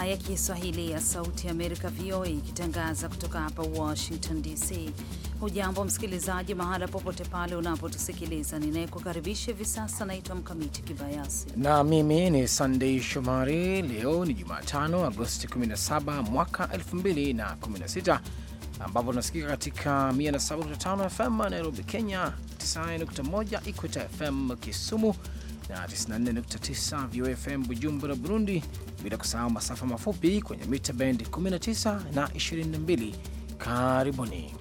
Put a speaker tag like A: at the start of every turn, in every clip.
A: idhaa ya Kiswahili ya Sauti ya Amerika, VOA, ikitangaza kutoka hapa Washington DC. Hujambo msikilizaji, mahala popote pale unapotusikiliza. Ninayekukaribisha hivi sasa naitwa Mkamiti Kibayasi
B: na mimi ni Sandei Shomari. Leo ni Jumatano, Agosti 17 mwaka 2016 ambapo tunasikika katika 107.5 FM Nairobi, Kenya, 91 Equita FM Kisumu na 94.9 VOFM Bujumbura, Burundi, bila kusahau masafa mafupi kwenye mita bendi 19 na 22. Karibuni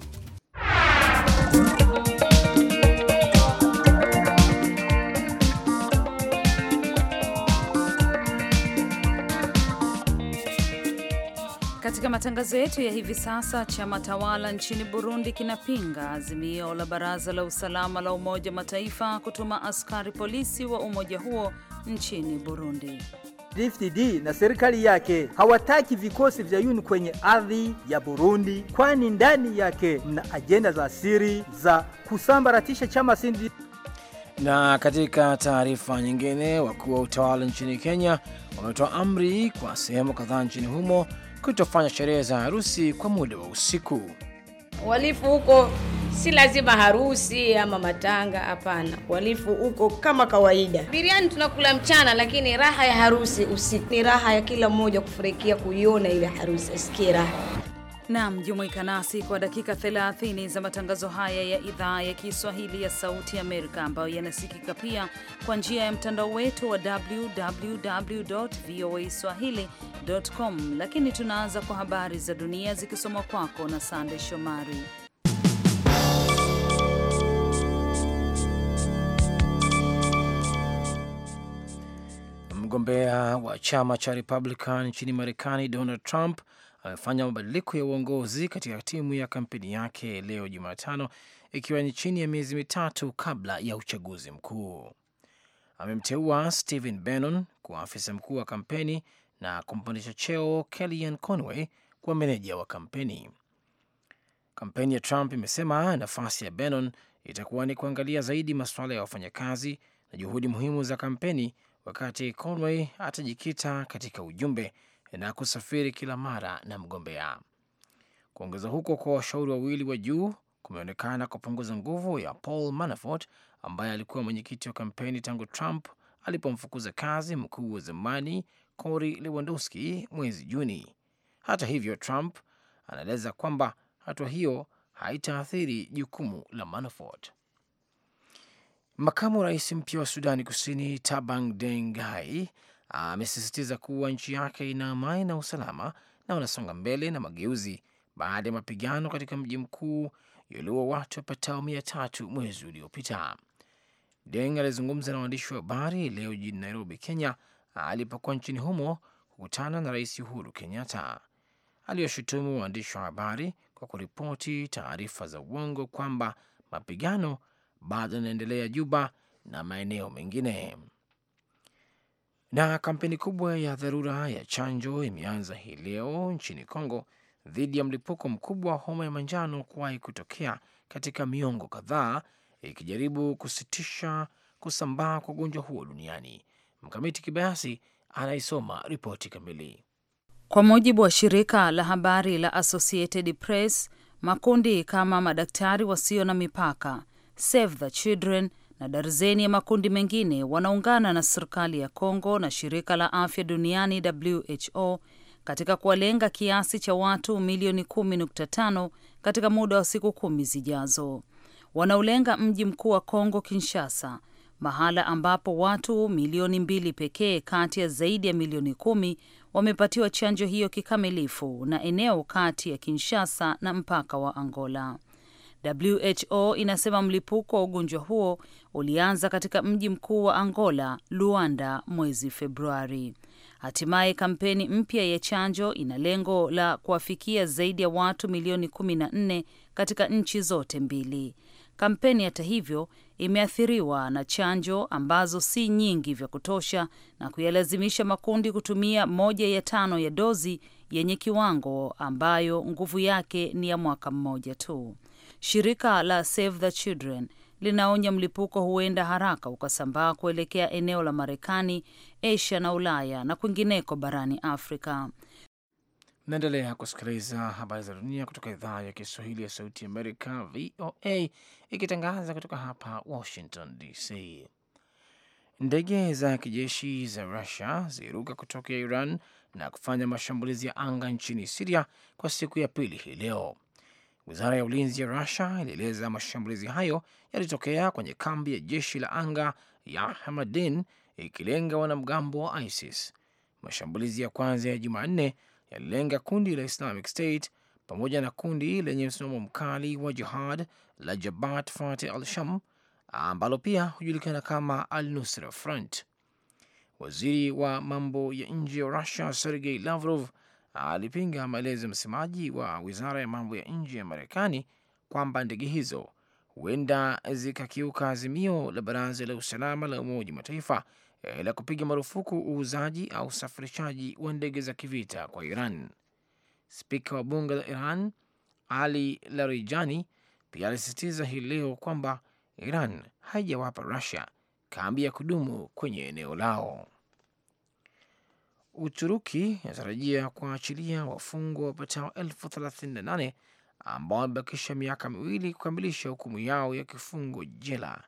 A: Katika matangazo yetu ya hivi sasa, chama tawala nchini Burundi kinapinga azimio la baraza la usalama la Umoja Mataifa kutuma askari polisi wa umoja huo
C: nchini Burundi. DFDD na serikali yake hawataki vikosi vya UN kwenye ardhi ya Burundi, kwani ndani yake mna ajenda za siri za kusambaratisha chama sindi.
B: Na katika taarifa nyingine, wakuu wa utawala nchini Kenya wametoa amri kwa sehemu kadhaa nchini humo kutofanya sherehe za harusi kwa muda wa usiku. Uhalifu huko si lazima harusi ama matanga, hapana. Uhalifu huko kama kawaida. Biriani tunakula mchana, lakini raha ya harusi usiku ni raha ya kila mmoja kufurahikia kuiona ile harusi,
A: asikie raha Nam, jumuika nasi kwa dakika 30 za matangazo haya ya idhaa ya Kiswahili ya Sauti Amerika ambayo yanasikika pia kwa njia ya mtandao wetu wa www voa swahili.com. Lakini tunaanza kwa habari za dunia zikisomwa kwako na Sande Shomari.
B: Mgombea wa chama cha Republican nchini Marekani Donald Trump amefanya mabadiliko ya uongozi katika timu ya kampeni yake leo Jumatano, ikiwa ni chini ya miezi mitatu kabla ya uchaguzi mkuu. Amemteua Stephen Bannon kuwa afisa mkuu wa kampeni na kumpandisha cheo Kellyanne Conway kuwa meneja wa kampeni. Kampeni ya Trump imesema nafasi ya Bannon itakuwa ni kuangalia zaidi masuala ya wafanyakazi na juhudi muhimu za kampeni, wakati Conway atajikita katika ujumbe na kusafiri kila mara na mgombea. Kuongeza huko kwa washauri wawili wa juu kumeonekana kupunguza nguvu ya Paul Manafort ambaye alikuwa mwenyekiti wa kampeni tangu Trump alipomfukuza kazi mkuu wa zamani Cory Lewandowski mwezi Juni. Hata hivyo, Trump anaeleza kwamba hatua hiyo haitaathiri jukumu la Manafort. Makamu rais mpya wa Sudani Kusini Tabang Dengai amesisitiza kuwa nchi yake ina amani na usalama na wanasonga mbele na mageuzi baada ya mapigano katika mji mkuu yaliua watu wapatao mia tatu mwezi uliopita. Deng alizungumza na waandishi wa habari leo jijini Nairobi, Kenya, alipokuwa nchini humo kukutana na Rais Uhuru Kenyatta. Aliyoshutumu waandishi wa habari kwa kuripoti taarifa za uongo kwamba mapigano bado yanaendelea Juba na maeneo mengine. Na kampeni kubwa ya dharura ya chanjo imeanza hii leo nchini Kongo dhidi ya mlipuko mkubwa wa homa ya manjano kuwahi kutokea katika miongo kadhaa, ikijaribu kusitisha kusambaa kwa ugonjwa huo duniani. Mkamiti Kibayasi anaisoma ripoti kamili.
A: Kwa mujibu wa shirika la habari la Associated Press, makundi kama madaktari wasio na mipaka, Save the Children na darzeni ya makundi mengine wanaungana na serikali ya Kongo na shirika la afya duniani WHO katika kuwalenga kiasi cha watu milioni 10.5 katika muda wa siku kumi zijazo. Wanaulenga mji mkuu wa Kongo, Kinshasa, mahala ambapo watu milioni mbili pekee kati ya zaidi ya milioni kumi wamepatiwa chanjo hiyo kikamilifu, na eneo kati ya Kinshasa na mpaka wa Angola. WHO inasema mlipuko wa ugonjwa huo ulianza katika mji mkuu wa Angola, Luanda, mwezi Februari. Hatimaye kampeni mpya ya chanjo ina lengo la kuwafikia zaidi ya watu milioni 14 katika nchi zote mbili. Kampeni hata hivyo imeathiriwa na chanjo ambazo si nyingi vya kutosha na kuyalazimisha makundi kutumia moja ya tano ya dozi yenye kiwango ambayo nguvu yake ni ya mwaka mmoja tu. Shirika la Save the Children linaonya mlipuko huenda haraka ukasambaa kuelekea eneo la Marekani, Asia na Ulaya na kwingineko barani Afrika. Naendelea kusikiliza habari za dunia kutoka idhaa ya Kiswahili ya Sauti Amerika, VOA,
B: ikitangaza kutoka hapa Washington DC. Ndege za kijeshi za Rusia ziliruka kutokea Iran na kufanya mashambulizi ya anga nchini Siria kwa siku ya pili hii leo. Wizara ya ulinzi ya Rusia ilieleza mashambulizi hayo yalitokea kwenye kambi ya jeshi la anga ya Hamadin ikilenga wanamgambo wa ISIS. Mashambulizi ya kwanza ya Jumanne yalilenga kundi la Islamic State pamoja na kundi lenye msimamo mkali wa jihad la Jabat Fateh al-Sham ambalo pia hujulikana kama al-Nusra Front. Waziri wa mambo ya nje wa Russia Sergei Lavrov alipinga maelezo ya msemaji wa wizara ya mambo ya nje ya Marekani kwamba ndege hizo huenda zikakiuka azimio la Baraza la Usalama la Umoja wa Mataifa eh, la kupiga marufuku uuzaji au usafirishaji wa ndege za kivita kwa Iran. Spika wa bunge la Iran Ali Larijani pia alisisitiza hii leo kwamba Iran haijawapa Rusia kambi ya kudumu kwenye eneo lao. Uturuki inatarajia kuachilia wafungwa wapatao elfu thelathini na nane ambao wamebakisha miaka miwili kukamilisha hukumu yao ya kifungo jela.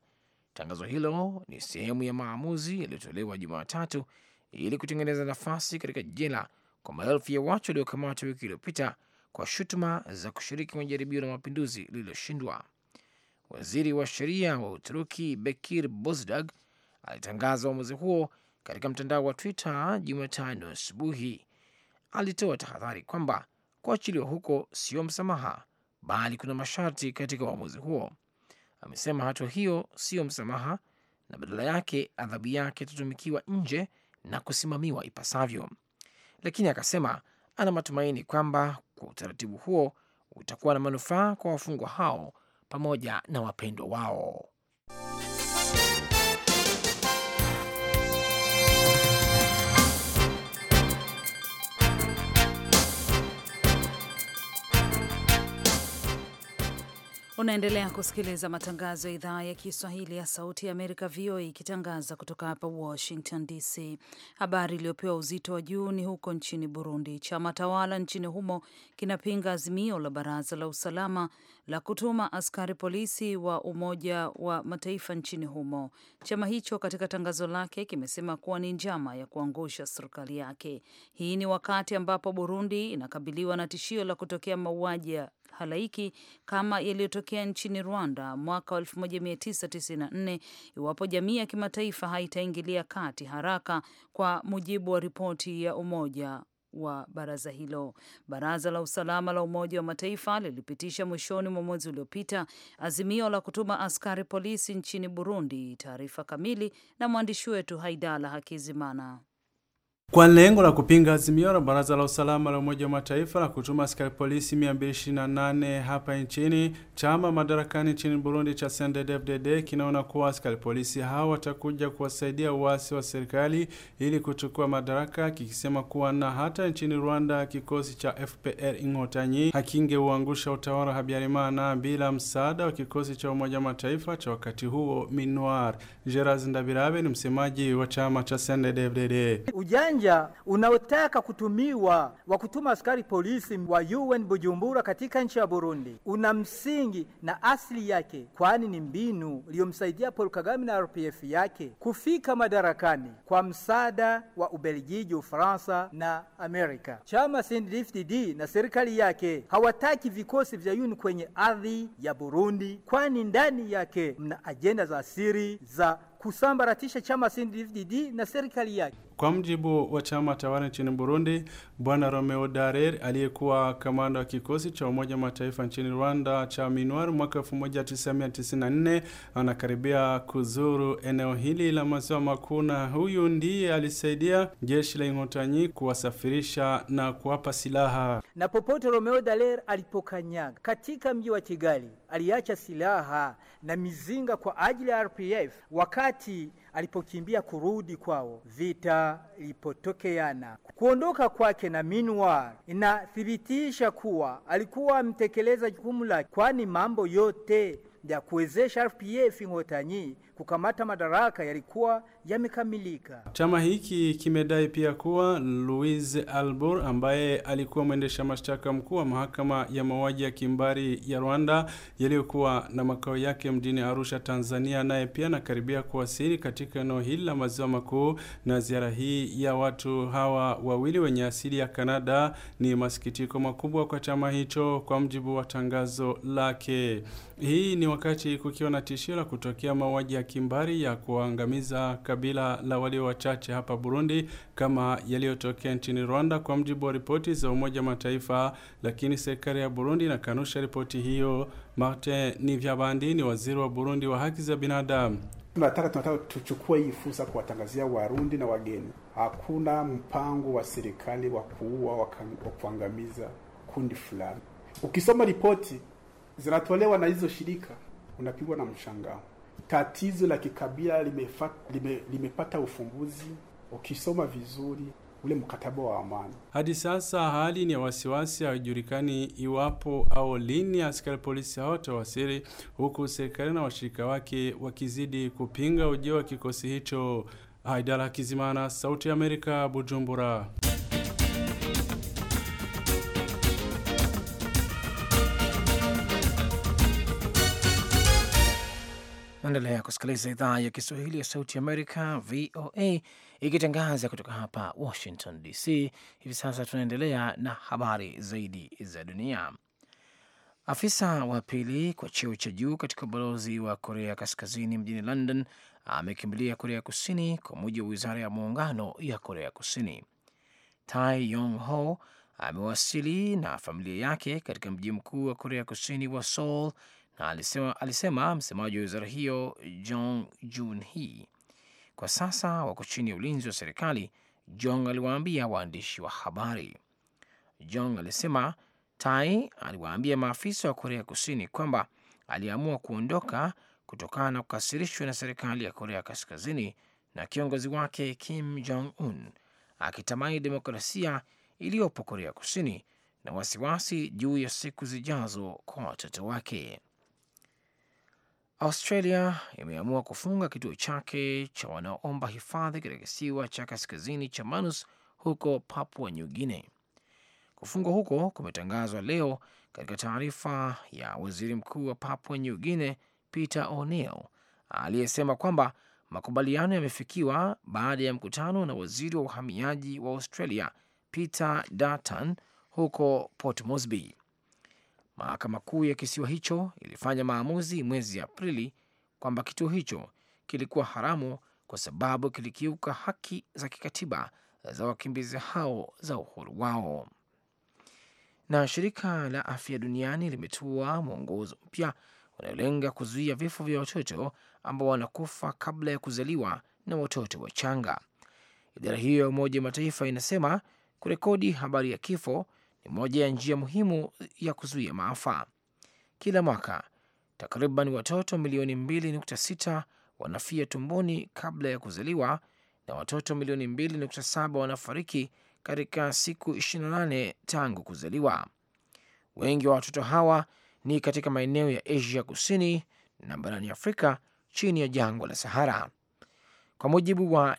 B: Tangazo hilo ni sehemu ya maamuzi yaliyotolewa Jumatatu ili kutengeneza nafasi katika jela kwa maelfu ya watu waliokamatwa wiki iliyopita kwa shutuma za kushiriki kwenye jaribio la mapinduzi lililoshindwa. Waziri wa sheria wa Uturuki Bekir Bozdag alitangaza uamuzi huo katika mtandao wa Twitter Jumatano asubuhi. Alitoa tahadhari kwamba kuachiliwa huko sio msamaha, bali kuna masharti katika uamuzi huo. Amesema hatua hiyo siyo msamaha na badala yake adhabu yake itatumikiwa nje na kusimamiwa ipasavyo, lakini akasema ana matumaini kwamba kwa utaratibu huo utakuwa na manufaa kwa wafungwa hao pamoja na wapendwa wao.
A: Unaendelea kusikiliza matangazo ya idhaa ya Kiswahili ya Sauti ya Amerika, VOA, ikitangaza kutoka hapa Washington DC. Habari iliyopewa uzito wa juu ni huko nchini Burundi. Chama tawala nchini humo kinapinga azimio la Baraza la Usalama la kutuma askari polisi wa Umoja wa Mataifa nchini humo. Chama hicho katika tangazo lake kimesema kuwa ni njama ya kuangusha serikali yake. Hii ni wakati ambapo Burundi inakabiliwa na tishio la kutokea mauaji ya halaiki kama yaliyotokea nchini Rwanda mwaka 1994 iwapo jamii ya kimataifa haitaingilia kati haraka, kwa mujibu wa ripoti ya Umoja wa baraza hilo. Baraza la usalama la Umoja wa Mataifa lilipitisha mwishoni mwa mwezi uliopita azimio la kutuma askari polisi nchini Burundi. Taarifa kamili na mwandishi wetu Haidala Hakizimana
D: kwa lengo la kupinga azimio la Baraza la Usalama la Umoja wa Mataifa la kutuma askari polisi 228 hapa nchini. Chama madarakani nchini Burundi cha CNDD-FDD kinaona kuwa askari polisi hao watakuja kuwasaidia uasi wa serikali ili kuchukua madaraka, kikisema kuwa na hata nchini Rwanda kikosi cha FPR Inkotanyi hakingeuangusha utawala Habyarimana bila msaada wa kikosi cha Umoja wa Mataifa cha wakati huo MINUAR. Gerard Ndabirabe ni msemaji wa chama cha CNDD-FDD
C: uwanja unaotaka kutumiwa wa kutuma askari polisi wa UN Bujumbura katika nchi ya Burundi una msingi na asili yake, kwani ni mbinu iliyomsaidia Paul Kagame na RPF yake kufika madarakani kwa msaada wa Ubelgiji, Ufaransa na Amerika. Chama CNDD-FDD na serikali yake hawataki vikosi vya UN kwenye ardhi ya Burundi, kwani ndani yake mna ajenda za siri za kusambaratisha chama CNDD-FDD na serikali yake.
D: Kwa mjibu wa chama tawala nchini Burundi, Bwana Romeo Darer aliyekuwa kamanda wa kikosi cha Umoja Mataifa nchini Rwanda cha MINUAR mwaka 1994 anakaribia kuzuru eneo hili la maziwa makuu, na huyu ndiye alisaidia jeshi la Inkotanyi kuwasafirisha na kuwapa silaha.
C: Na popote Romeo Darer alipokanyaga katika mji wa Kigali, aliacha silaha na mizinga kwa ajili ya RPF wakati alipokimbia kurudi kwao vita ilipotokeana. Kuondoka kwake na minwar inathibitisha kuwa alikuwa mtekeleza jukumu lake, kwani mambo yote ya kuwezesha RPF Inkotanyi kukamata madaraka yalikuwa yamekamilika.
D: Chama hiki kimedai pia kuwa Luis Albor ambaye alikuwa mwendesha mashtaka mkuu wa mahakama ya mauaji ya kimbari ya Rwanda yaliyokuwa na makao yake mjini Arusha, Tanzania, naye pia anakaribia kuwasili katika eneo hili la maziwa makuu, na ziara hii ya watu hawa wawili wenye asili ya Kanada ni masikitiko makubwa kwa chama hicho, kwa mjibu wa tangazo lake. Hii ni wakati kukiwa na tishio la kutokea mauaji ya kimbari ya kuangamiza kabila la walio wachache hapa Burundi kama yaliyotokea nchini Rwanda kwa mjibu wa ripoti za Umoja Mataifa, lakini serikali ya Burundi inakanusha ripoti hiyo. Martin Nivyabandi ni waziri wa Burundi wa haki za binadamu.
E: Tunataka tunataka tuchukue hii fursa kuwatangazia Warundi na wageni, hakuna mpango wa serikali wa kuua wa kuangamiza kundi fulani. Ukisoma ripoti zinatolewa na hizo shirika, unapigwa na mshangao tatizo la kikabila limepata lime, lime ufumbuzi ukisoma vizuri ule mkataba wa amani.
D: Hadi sasa hali ni ya wasiwasi, haijulikani iwapo au lini askari polisi hawatawasili, huku serikali na washirika wake wakizidi kupinga ujio wa kikosi hicho. Haidara Kizimana, Sauti ya Amerika, Bujumbura.
B: Unaendelea kusikiliza idhaa ya Kiswahili ya Sauti Amerika, VOA, ikitangaza kutoka hapa Washington DC. Hivi sasa tunaendelea na habari zaidi za dunia. Afisa wa pili kwa cheo cha juu katika ubalozi wa Korea Kaskazini mjini London amekimbilia Korea Kusini, kwa mujibu wa wizara ya muungano ya Korea Kusini. Tai Yong Ho amewasili na familia yake katika mji mkuu wa Korea Kusini wa Seoul na alisema, alisema msemaji wa wizara hiyo Jong Jun Hi. kwa sasa wako chini ya ulinzi wa serikali. Jong aliwaambia waandishi wa habari. Jong alisema Tai aliwaambia maafisa wa Korea Kusini kwamba aliamua kuondoka kutokana na kukasirishwa na serikali ya Korea Kaskazini na kiongozi wake Kim Jong Un, akitamani demokrasia iliyopo Korea Kusini na wasiwasi juu ya siku zijazo kwa watoto wake. Australia imeamua kufunga kituo chake cha wanaoomba hifadhi katika kisiwa cha kaskazini cha Manus huko Papua New Guinea. Kufungwa huko kumetangazwa leo katika taarifa ya waziri mkuu wa Papua New Guinea Peter O'Neill aliyesema kwamba makubaliano yamefikiwa baada ya mkutano na waziri wa uhamiaji wa Australia Peter Dutton huko Port Moresby. Mahakama Kuu ya kisiwa hicho ilifanya maamuzi mwezi Aprili kwamba kituo hicho kilikuwa haramu kwa sababu kilikiuka haki za kikatiba za wakimbizi hao za uhuru wao. Na shirika la afya duniani limetua mwongozo mpya unaolenga kuzuia vifo vya watoto ambao wanakufa kabla ya kuzaliwa na watoto wachanga. Idara hiyo ya Umoja wa Mataifa inasema kurekodi habari ya kifo ni moja ya njia muhimu ya kuzuia maafa. Kila mwaka takriban watoto milioni 2.6 wanafia tumboni kabla ya kuzaliwa na watoto milioni 2.7 wanafariki katika siku 28 tangu kuzaliwa. Wengi wa watoto hawa ni katika maeneo ya Asia Kusini na barani Afrika chini ya jangwa la Sahara. Kwa mujibu wa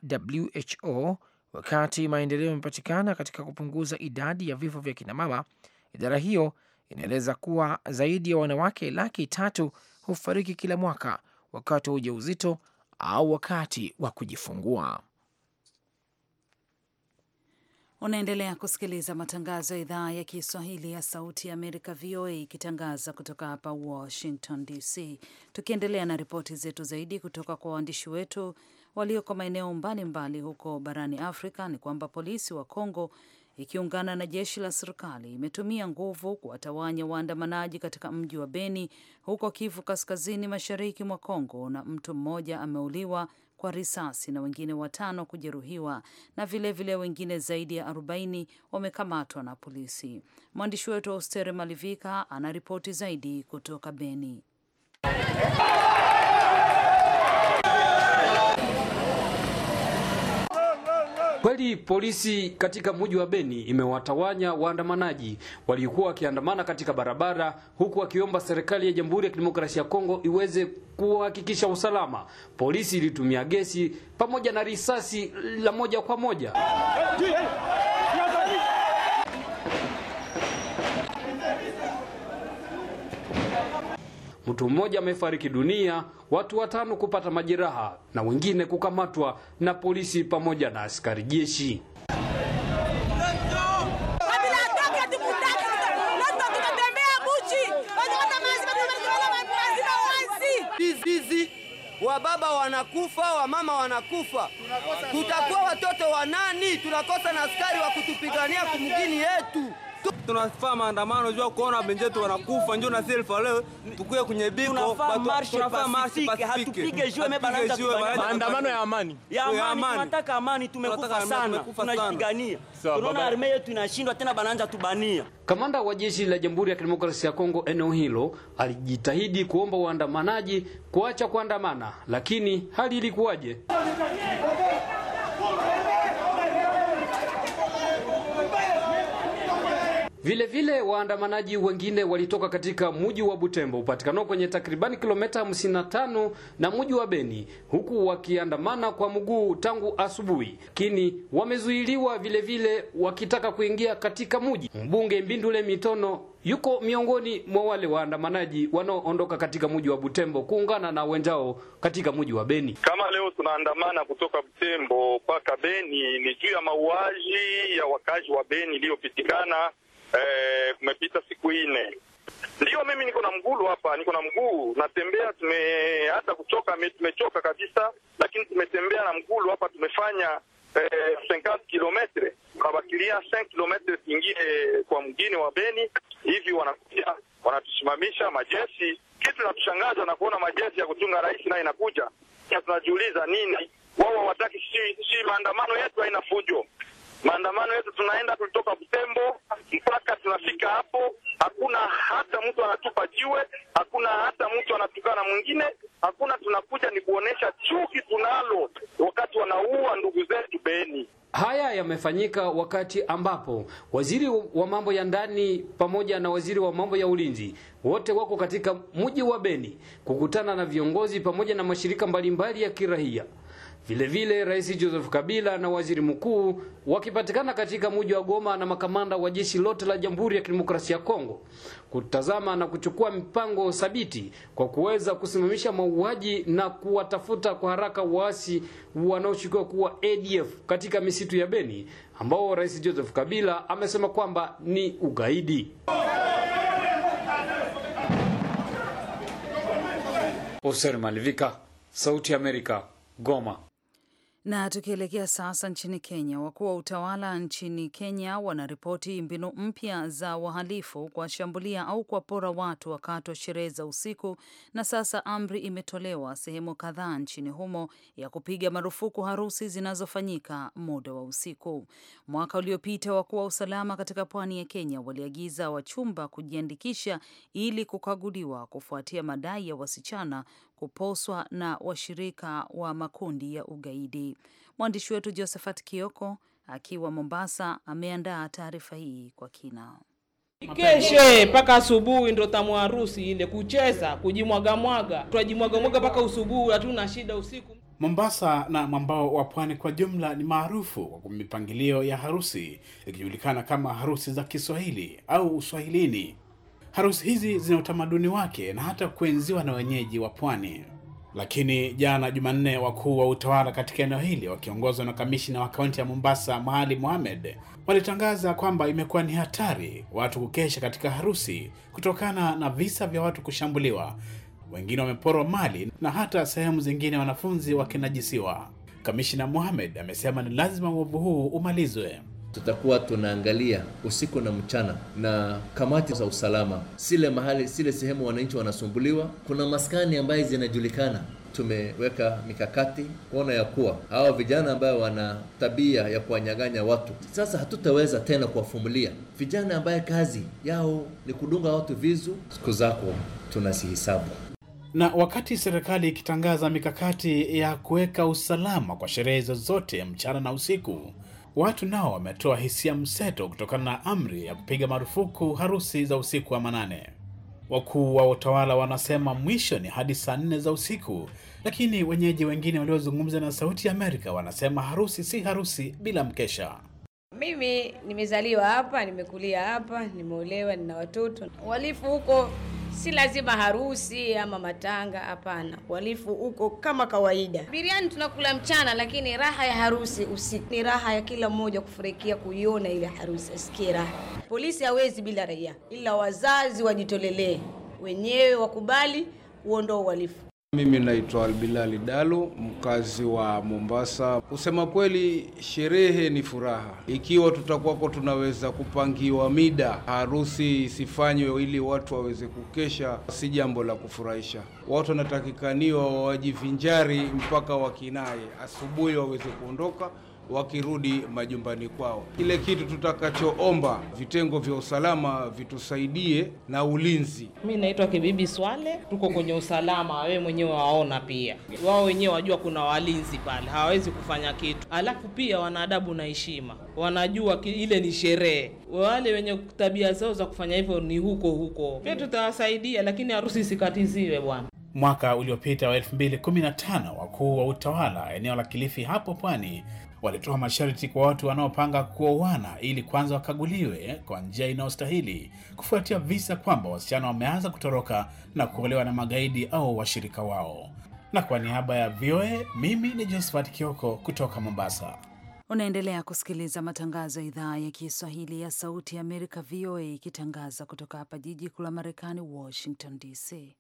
B: WHO, Wakati maendeleo yamepatikana katika kupunguza idadi ya vifo vya kinamama, idara hiyo inaeleza kuwa zaidi ya wanawake laki tatu hufariki kila mwaka wakati wa ujauzito au wakati wa kujifungua.
A: Unaendelea kusikiliza matangazo ya idhaa ya Kiswahili ya Sauti ya Amerika, VOA, ikitangaza kutoka hapa Washington DC. Tukiendelea na ripoti zetu zaidi kutoka kwa waandishi wetu walioko maeneo mbalimbali huko barani Afrika ni kwamba polisi wa Kongo ikiungana na jeshi la serikali imetumia nguvu kuwatawanya waandamanaji katika mji wa Beni huko Kivu kaskazini mashariki mwa Kongo, na mtu mmoja ameuliwa kwa risasi na wengine watano kujeruhiwa na vilevile vile wengine zaidi ya 40 wamekamatwa na polisi. Mwandishi wetu Austere Malivika anaripoti zaidi kutoka Beni.
F: Kweli polisi katika mji wa Beni imewatawanya waandamanaji waliokuwa wakiandamana katika barabara huku wakiomba serikali ya Jamhuri ya Kidemokrasia ya Kongo iweze kuhakikisha usalama. Polisi ilitumia gesi pamoja na risasi la moja kwa moja. mtu mmoja amefariki dunia, watu watano kupata majeraha na wengine kukamatwa na polisi pamoja na askari jeshi. baba wanakufa, wa mama wanakufa,
B: tutakuwa watoto
F: wa nani? Tunakosa na askari wa kutupigania kumgini
C: yetu tunafaa maandamano jua kuona benjetu wanakufa, njoo na selfa leo tukuye kwenye biko
F: hatupige jiwe maandamano ya amani ya amani. Tunataka amani, tumekufa sana, tunajipigania, tunaona arme yetu inashindwa tena, banaanza tubania. Kamanda wa jeshi la Jamhuri ya Kidemokrasia ya Kongo eneo hilo alijitahidi kuomba uandamanaji kuacha kuandamana, lakini hali ilikuwaje? Vilevile waandamanaji wengine walitoka katika mji wa Butembo upatikanao kwenye takribani kilomita 55 na mji wa Beni, huku wakiandamana kwa mguu tangu asubuhi, lakini wamezuiliwa vilevile wakitaka kuingia katika mji. Mbunge Mbindule Mitono yuko miongoni mwa wale waandamanaji wanaoondoka katika mji wa Butembo kuungana na wenzao katika mji wa Beni. Kama leo tunaandamana kutoka Butembo mpaka Beni ni juu ya mauaji ya wakazi wa Beni iliyopitikana eh, kumepita siku ine ndio mimi niko na mgulu hapa, niko na mguu natembea, tume hata kuchoka tumechoka kabisa, lakini tumetembea na mgulu hapa, tumefanya 50 eh, kilometre kabakilia 5 kilometre tingine kwa mgini wa Beni. Hivi wanakuja wanatusimamisha majeshi. Kitu natushangaza na kuona majeshi ya kuchunga rais naye inakuja, tunajiuliza nini? Wao hawataki si, si maandamano yetu haina fujo Maandamano yetu tunaenda, tulitoka Butembo mpaka tunafika hapo, hakuna hata mtu anatupa jiwe, hakuna hata mtu anatukana mwingine, hakuna. Tunakuja ni kuonesha chuki tunalo wakati wanaua ndugu zetu Beni. Haya yamefanyika wakati ambapo waziri wa mambo ya ndani pamoja na waziri wa mambo ya ulinzi wote wako katika mji wa Beni kukutana na viongozi pamoja na mashirika mbalimbali ya kiraia. Vilevile Rais Joseph Kabila na waziri mkuu wakipatikana katika mji wa Goma na makamanda wa jeshi lote la Jamhuri ya Kidemokrasia ya Kongo kutazama na kuchukua mipango thabiti kwa kuweza kusimamisha mauaji na kuwatafuta kwa haraka waasi wanaoshukiwa kuwa ADF katika misitu ya Beni ambao Rais Joseph Kabila amesema kwamba ni ugaidi. Oser Malivika, Sauti ya Amerika, Goma.
A: Na tukielekea sasa nchini Kenya, wakuu wa utawala nchini Kenya wanaripoti mbinu mpya za wahalifu kuwashambulia au kuwapora watu wakati wa sherehe za usiku, na sasa amri imetolewa sehemu kadhaa nchini humo ya kupiga marufuku harusi zinazofanyika muda wa usiku. Mwaka uliopita, wakuu wa usalama katika pwani ya Kenya waliagiza wachumba kujiandikisha ili kukaguliwa kufuatia madai ya wasichana kuposwa na washirika wa makundi ya ugaidi. Mwandishi wetu Josephat Kioko akiwa Mombasa ameandaa taarifa hii kwa kina. Ikeshe
B: mpaka asubuhi ndo tamu harusi ile, kucheza kujimwagamwaga, mwaga mpaka usubuhi, hatuna shida usiku.
E: Mombasa na mwambao wa pwani kwa jumla ni maarufu kwa mipangilio ya harusi ikijulikana kama harusi za Kiswahili au Uswahilini. Harusi hizi zina utamaduni wake na hata kuenziwa na wenyeji wa pwani. Lakini jana Jumanne, wakuu wa utawala katika eneo hili wakiongozwa na kamishina wa kaunti ya Mombasa Mahali Mohamed walitangaza kwamba imekuwa ni hatari watu kukesha katika harusi kutokana na visa vya watu kushambuliwa, wengine wameporwa mali na hata sehemu zingine wanafunzi wakinajisiwa. Kamishina Mohamed amesema ni lazima
G: uovu huu umalizwe tutakuwa tunaangalia usiku na mchana na kamati za usalama, sile mahali sile sehemu wananchi wanasumbuliwa, kuna maskani ambaye zinajulikana. Tumeweka mikakati kuona ya kuwa hawa vijana ambayo wana tabia ya kuwanyang'anya watu, sasa hatutaweza tena kuwafumulia vijana ambaye kazi yao ni kudunga watu vizu Siku zako tunasihisabu. Na wakati serikali
E: ikitangaza mikakati ya kuweka usalama kwa sherehe zozote mchana na usiku, Watu nao wametoa hisia mseto kutokana na amri ya kupiga marufuku harusi za usiku wa manane. Wakuu wa utawala wanasema mwisho ni hadi saa nne za usiku, lakini wenyeji wengine waliozungumza na Sauti ya Amerika wanasema harusi si harusi bila mkesha.
B: Mimi nimezaliwa hapa, nimekulia hapa, nimeolewa, nina watoto. Uhalifu huko si lazima harusi ama matanga, hapana. Uhalifu uko kama kawaida. Biriani tunakula mchana, lakini raha ya harusi usiku ni raha ya kila mmoja kufurahikia kuiona ile harusi, asikie raha. Polisi hawezi bila raia, ila wazazi wajitolelee wenyewe, wakubali uondoe uhalifu.
E: Mimi naitwa Albilali Dalu, mkazi wa Mombasa. Kusema kweli, sherehe ni furaha ikiwa tutakuwako tunaweza kupangiwa mida. Harusi isifanywe ili watu waweze kukesha, si jambo la kufurahisha. Watu wanatakikaniwa wajivinjari mpaka wakinaye, asubuhi waweze kuondoka wakirudi majumbani kwao. Kile kitu tutakachoomba vitengo vya usalama vitusaidie na ulinzi.
B: Mi naitwa Kibibi Swale, tuko kwenye usalama, wewe mwenyewe waona, pia wao wenyewe wajua kuna walinzi pale, hawawezi kufanya kitu. Alafu pia wanaadabu na heshima, wanajua ile ni sherehe. Wale wenye tabia zao za kufanya hivyo ni huko huko, pia tutawasaidia, lakini harusi isikatiziwe bwana.
E: Mwaka uliopita wa 2015 wakuu wa utawala eneo la Kilifi hapo Pwani walitoa masharti kwa watu wanaopanga kuoana ili kwanza wakaguliwe eh, kwa njia inayostahili kufuatia visa kwamba wasichana wameanza kutoroka na kuolewa na magaidi au washirika wao. Na kwa niaba ya VOA, mimi ni Josephat Kioko kutoka Mombasa.
A: Unaendelea kusikiliza matangazo ya idhaa ya Kiswahili ya Sauti ya Amerika, VOA, ikitangaza kutoka hapa jiji kuu la Marekani, Washington DC.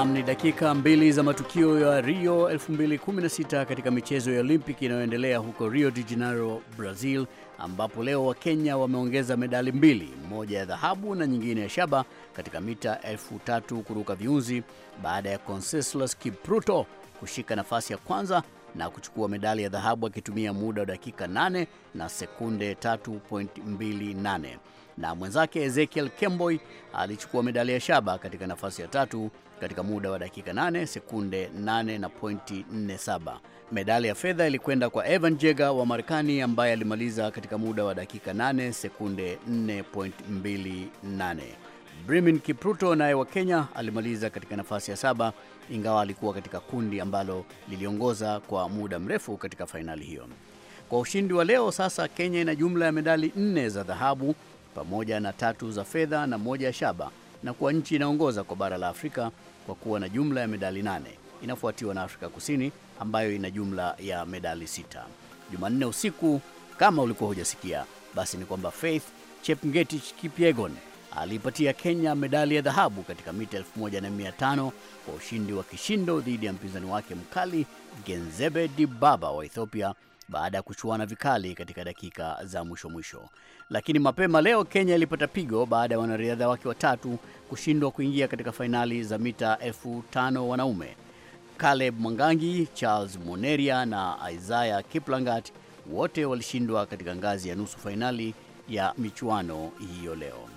G: Nam ni dakika mbili za matukio ya Rio 2016 katika michezo ya Olimpiki inayoendelea huko Rio de Janeiro, Brazil, ambapo leo Wakenya wameongeza medali mbili, moja ya dhahabu na nyingine ya shaba katika mita elfu tatu kuruka viunzi baada ya Conseslus Kipruto kushika nafasi ya kwanza na kuchukua medali ya dhahabu akitumia muda wa dakika 8 na sekunde 3.28 na mwenzake Ezekiel kemboy alichukua medali ya shaba katika nafasi ya tatu katika muda wa dakika 8 sekunde 8 na pointi 47. Medali ya fedha ilikwenda kwa Evan Jega wa Marekani ambaye alimaliza katika muda wa dakika 8 sekunde 4.28. Brimin Kipruto naye wa Kenya alimaliza katika nafasi ya saba ingawa alikuwa katika kundi ambalo liliongoza kwa muda mrefu katika fainali hiyo. Kwa ushindi wa leo sasa, Kenya ina jumla ya medali nne za dhahabu pamoja na tatu za fedha na moja ya shaba na kuwa nchi inaongoza kwa bara la Afrika kwa kuwa na jumla ya medali nane. Inafuatiwa na Afrika Kusini ambayo ina jumla ya medali sita. Jumanne usiku, kama ulikuwa hujasikia, basi ni kwamba Faith Chepngetich Kipyegon aliipatia Kenya medali ya dhahabu katika mita 1500 kwa ushindi wa kishindo dhidi ya mpinzani wake mkali Genzebe Dibaba wa Ethiopia baada ya kuchuana vikali katika dakika za mwisho mwisho. Lakini mapema leo Kenya ilipata pigo baada ya wanariadha wake watatu kushindwa kuingia katika fainali za mita elfu tano wanaume. Caleb Mwangangi, Charles Moneria na Isaiah Kiplangat wote walishindwa katika ngazi ya nusu fainali ya michuano hiyo leo.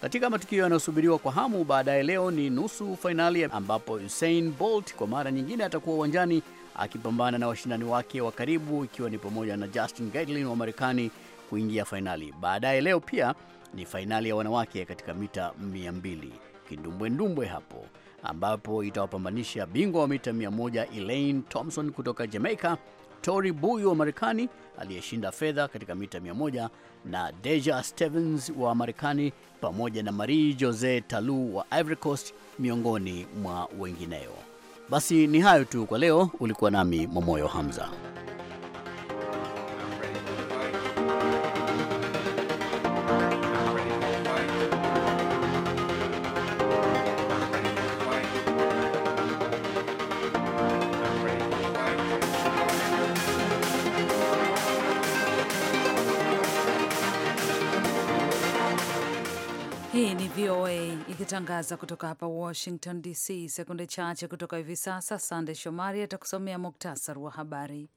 G: Katika matukio yanayosubiriwa kwa hamu baadaye leo ni nusu fainali ambapo Usain Bolt kwa mara nyingine atakuwa uwanjani akipambana na washindani wake wa karibu ikiwa ni pamoja na Justin Gatlin wa Marekani kuingia fainali. Baadaye leo pia ni fainali ya wanawake katika mita 200 kindumbwendumbwe hapo ambapo itawapambanisha bingwa wa mita 100 Elaine Thompson kutoka Jamaica, Tori Buyu wa Marekani aliyeshinda fedha katika mita 100 na Deja Stevens wa Marekani pamoja na Marie Jose Talu wa Ivory Coast miongoni mwa wengineo. Basi ni hayo tu kwa leo. Ulikuwa nami Momoyo Hamza.
A: VOA ikitangaza kutoka hapa Washington DC. Sekunde chache kutoka hivi sasa, Sande Shomari atakusomea muktasari wa habari.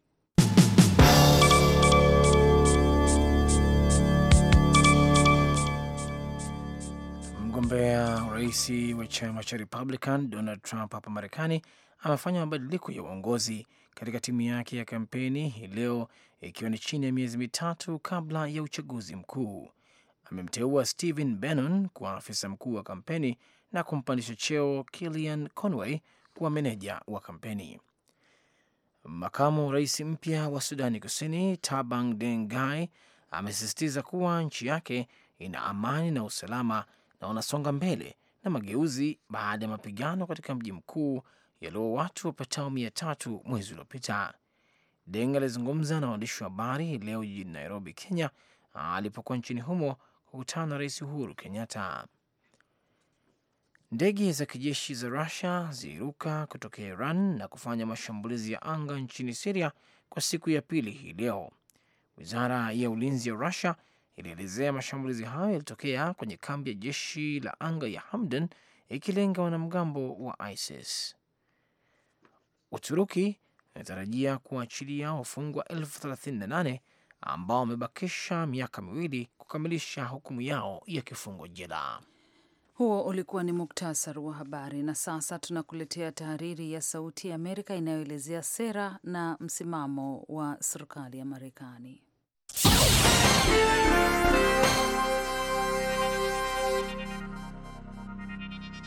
B: Mgombea rais wa chama cha Republican Donald Trump hapa Marekani amefanya mabadiliko ya uongozi katika timu yake ya kampeni hii leo, ikiwa ni chini ya miezi mitatu kabla ya uchaguzi mkuu amemteua Stephen Bannon kuwa afisa mkuu wa kampeni na kumpandisha cheo Kilian Conway kuwa meneja wa kampeni. Makamu rais mpya wa Sudani Kusini Tabang Dengai amesisitiza kuwa nchi yake ina amani na usalama na wanasonga mbele na mageuzi baada ya mapigano katika mji mkuu yaliwo watu wapatao mia tatu mwezi uliopita. Deng alizungumza na waandishi wa habari leo jijini Nairobi, Kenya, alipokuwa nchini humo kukutana na Rais Uhuru Kenyatta. Ndege za kijeshi za Rusia ziliruka kutokea Iran na kufanya mashambulizi ya anga nchini Siria kwa siku ya pili hii leo. Wizara ya ulinzi ya Rusia ilielezea mashambulizi hayo yalitokea kwenye kambi ya jeshi la anga ya Hamdan ikilenga wanamgambo wa ISIS. Uturuki inatarajia kuachilia wafungwa elfu thelathini na nane ambao wamebakisha miaka miwili kukamilisha hukumu yao ya kifungo jela.
A: Huo ulikuwa ni muktasar wa habari, na sasa tunakuletea tahariri ya Sauti ya Amerika inayoelezea sera na msimamo wa serikali ya Marekani.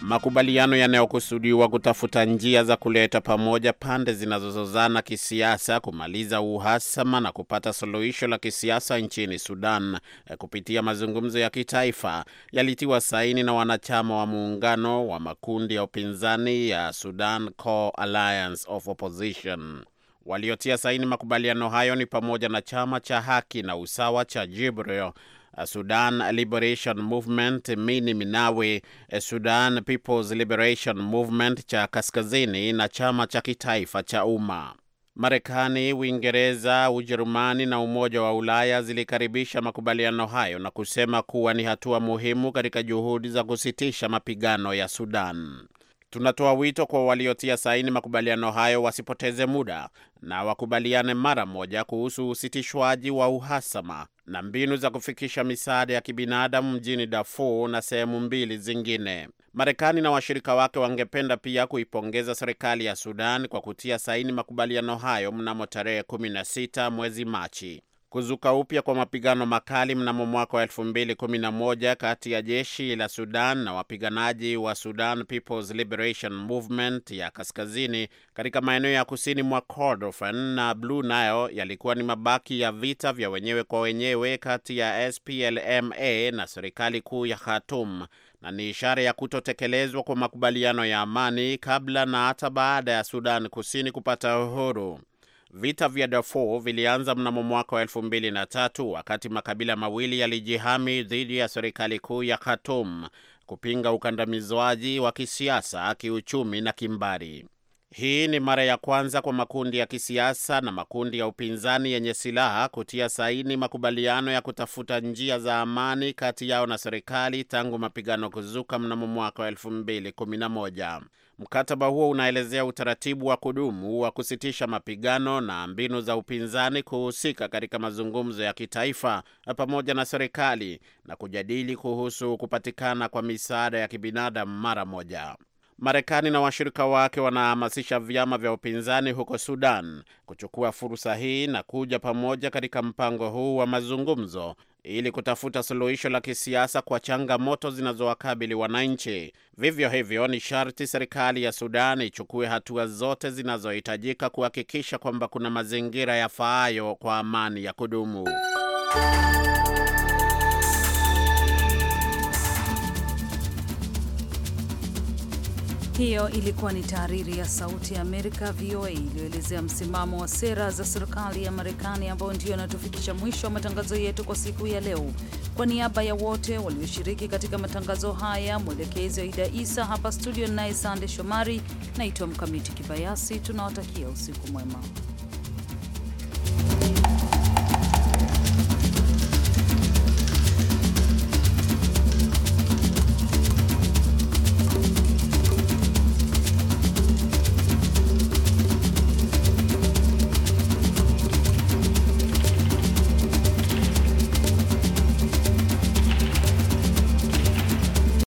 H: makubaliano yanayokusudiwa kutafuta njia za kuleta pamoja pande zinazozozana kisiasa, kumaliza uhasama na kupata suluhisho la kisiasa nchini Sudan eh, kupitia mazungumzo ya kitaifa yalitiwa saini na wanachama wa muungano wa makundi ya upinzani ya Sudan Core Alliance of Opposition. Waliotia saini makubaliano hayo ni pamoja na chama cha haki na usawa cha Jibril Uh, Sudan Liberation Movement, Mini Minawi, uh, Sudan People's Liberation Movement cha kaskazini na chama cha kitaifa cha umma. Marekani, Uingereza, Ujerumani na Umoja wa Ulaya zilikaribisha makubaliano hayo na kusema kuwa ni hatua muhimu katika juhudi za kusitisha mapigano ya Sudan. Tunatoa wito kwa waliotia saini makubaliano hayo wasipoteze muda na wakubaliane mara moja kuhusu usitishwaji wa uhasama na mbinu za kufikisha misaada ya kibinadamu mjini Darfur na sehemu mbili zingine. Marekani na washirika wake wangependa pia kuipongeza serikali ya Sudan kwa kutia saini makubaliano hayo mnamo tarehe 16 mwezi Machi kuzuka upya kwa mapigano makali mnamo mwaka wa 2011 kati ya jeshi la Sudan na wapiganaji wa Sudan People's Liberation Movement ya kaskazini katika maeneo ya kusini mwa Kordofan na Blue Nile yalikuwa ni mabaki ya vita vya wenyewe kwa wenyewe kati ya SPLMA na serikali kuu ya Khartoum na ni ishara ya kutotekelezwa kwa makubaliano ya amani kabla na hata baada ya Sudan Kusini kupata uhuru. Vita vya Darfur vilianza mnamo mwaka wa elfu mbili na tatu wakati makabila mawili yalijihami dhidi ya serikali kuu ya Khartoum kupinga ukandamizwaji wa kisiasa, kiuchumi na kimbari. Hii ni mara ya kwanza kwa makundi ya kisiasa na makundi ya upinzani yenye silaha kutia saini makubaliano ya kutafuta njia za amani kati yao na serikali tangu mapigano kuzuka mnamo mwaka wa elfu mbili kumi na moja. Mkataba huo unaelezea utaratibu wa kudumu wa kusitisha mapigano na mbinu za upinzani kuhusika katika mazungumzo ya kitaifa pamoja na serikali na kujadili kuhusu kupatikana kwa misaada ya kibinadamu mara moja. Marekani na washirika wake wanahamasisha vyama vya upinzani huko Sudan kuchukua fursa hii na kuja pamoja katika mpango huu wa mazungumzo ili kutafuta suluhisho la kisiasa kwa changamoto zinazowakabili wananchi. Vivyo hivyo, ni sharti serikali ya Sudan ichukue hatua zote zinazohitajika kuhakikisha kwamba kuna mazingira yafaayo kwa amani ya kudumu.
A: Hiyo ilikuwa ni tahariri ya Sauti ya Amerika, VOA, iliyoelezea msimamo wa sera za serikali ya Marekani, ambayo ndiyo yanatufikisha mwisho wa matangazo yetu kwa siku ya leo. Kwa niaba ya wote walioshiriki katika matangazo haya, mwelekezi wa Ida Isa hapa studio, naye Sande Shomari, naitwa Mkamiti Kibayasi, tunawatakia usiku mwema.